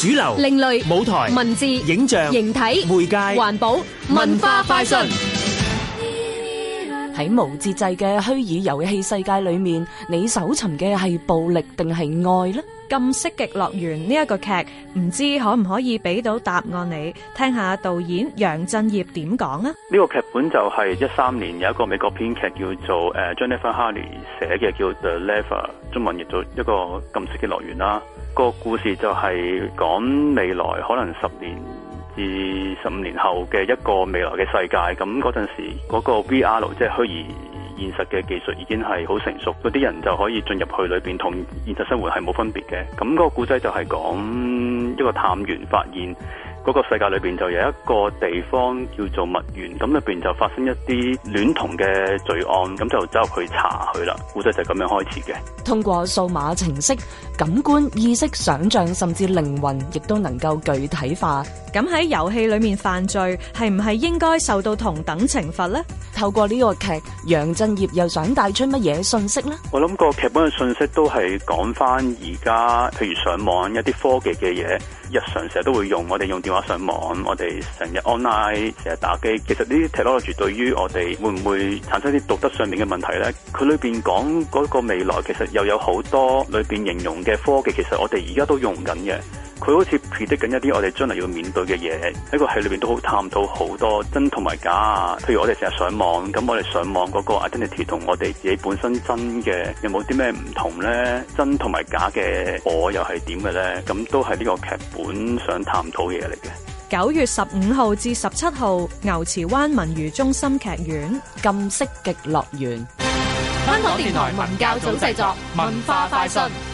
主流、另類、舞台、文字、影像、形體、媒介、環保、文化、快訊。喺無節制嘅虛擬遊戲世界裏面，你搜尋嘅係暴力定係愛呢？《禁色極樂園》呢一個劇，唔知可唔可以俾到答案你？聽下導演楊振業點講啊？呢個劇本就係一三年有一個美國編劇叫做誒、uh, Jennifer Honey 寫嘅，叫做 The Lever，中文譯做一個禁色極樂園啦。個、啊、故事就係、是、講未來可能十年。二十五年後嘅一個未來嘅世界，咁嗰陣時嗰個 VR 即係虛擬現實嘅技術已經係好成熟，嗰啲人就可以進入去裏邊同現實生活係冇分別嘅。咁個古仔就係講一個探員發現。嗰個世界裏邊就有一個地方叫做墨園，咁裏邊就發生一啲戀童嘅罪案，咁就走入去查佢啦，古仔就咁樣開始嘅。通過數碼程式、感官、意識、想象，甚至靈魂，亦都能夠具體化。咁喺遊戲裏面犯罪，係唔係應該受到同等懲罰呢？透過呢個劇。楊振業又想帶出乜嘢信息咧？我諗個劇本嘅信息都係講翻而家，譬如上網一啲科技嘅嘢，日常成日都會用。我哋用電話上網，我哋成日 online 成日打機。其實呢啲 technology 對於我哋會唔會產生啲道德上面嘅問題咧？佢裏邊講嗰個未來，其實又有好多裏邊形容嘅科技，其實我哋而家都用緊嘅。佢好似 predict 緊一啲我哋將嚟要面對嘅嘢，喺個戲裏邊都好探討好多真同埋假，譬如我哋成日上網，咁我哋上網嗰個 identity 同我哋自己本身真嘅有冇啲咩唔同咧？真同埋假嘅我又係點嘅咧？咁都係呢個劇本想探討嘅嘢嚟嘅。九月十五號至十七號，牛池灣文娛中心劇院《暗色極樂園》。香港電台文教組製作，文，文，組製作文化快訊。